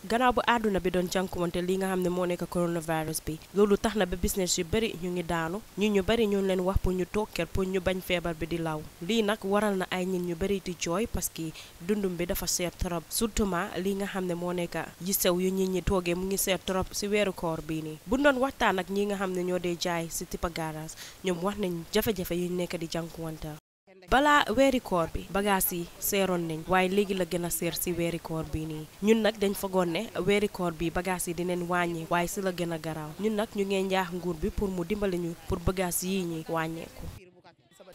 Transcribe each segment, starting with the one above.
gannaaw bu àdduna bi doon jànkuwante lii nga xam ne moo nekk coronavirus bi loolu tax na ba business yu bëri ñu ngi daanu ñun ñu bëri ñu leen wax pour ñu toog kër pour ñu bañ feebar bi di law lii nag waral na ay nit ñu bëri di jooy parce que dundum bi dafa seet trop surtout lii nga xam ne moo nekk yi sew yu nit ñi toogee mu ngi seet trop si weeru koor bii nii bu doon waxtaan ak ñii nga xam ne ñoo dee jaay si tipa garage ñoom wax nañ jafe-jafe yu nekk di jànkuwante balaa weeri koor bi bagages yi seeroon nañ waaye léegi la gën a seer si weeri koor bi nii ñun nag dañu fagoon ne weeri koor bi bagages yi dinañ wàññi waaye si la gën a garaaw ñun nag ñu ngee njaax nguur bi pour mu dimbali ñu pour bagages yii ñu wàññeeku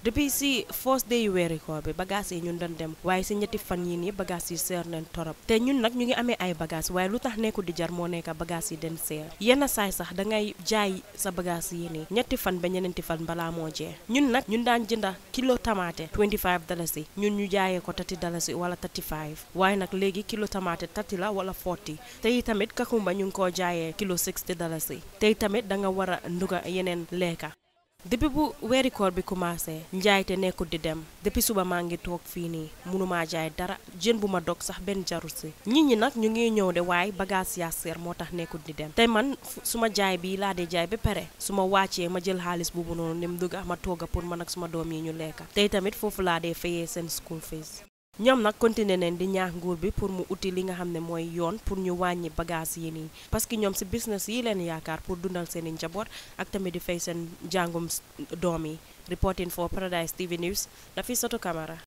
depuis si first day yu weeri bi bagage yi ñun doon dem waaye si ñetti fan yi nii bagage yi seer nañ torop te ñun nag ñu ngi amee ay bagage waaye lu tax nekkul di jar moo nekk bagage yi den seer yenn saay sax dangay jaay sa bagage yi nii ñetti fan ba ñeneenti fan balaa moo jeex ñun nag ñun daan jënda kilo tamaate 25 si ñun ñu jaayee ko 30 si wala 35 waaye nag léegi kilo tamaate 30 la wala te tey tamit kakumba ñu ngi koo jaayee kilo 60 dalasi tey tamit da nga war a nduga yeneen leeka depuis bu weeri koor bi commencé te nekkul di dem depuis suba maa ngi toog fii nii mënumaa jaay dara jën bu ma dog sax benn jarul si nit ñi nag ñu ngiy ñëw de waaye bagage yaa seer moo tax nekkul di dem te man su ma jaay bii laa dee jaay ba pare su ma wàccee ma jël xaalis boobu noonu ni mu dugg ah, ma togga pour man ak suma doom yi ñu lekka tey tamit foofu laa dee fayee seen school fees ñoom nag continué nañ di ñaax nguur bi pour mu uti li nga xam ne mooy yoon pour ñu wàññi bagage yi nii parce que ñoom si business yi leen yaakaar pour dundal seen i njaboot ak tamit di fay seen jàngum doom yi reporting for Paradise TV News Nafisatou Camara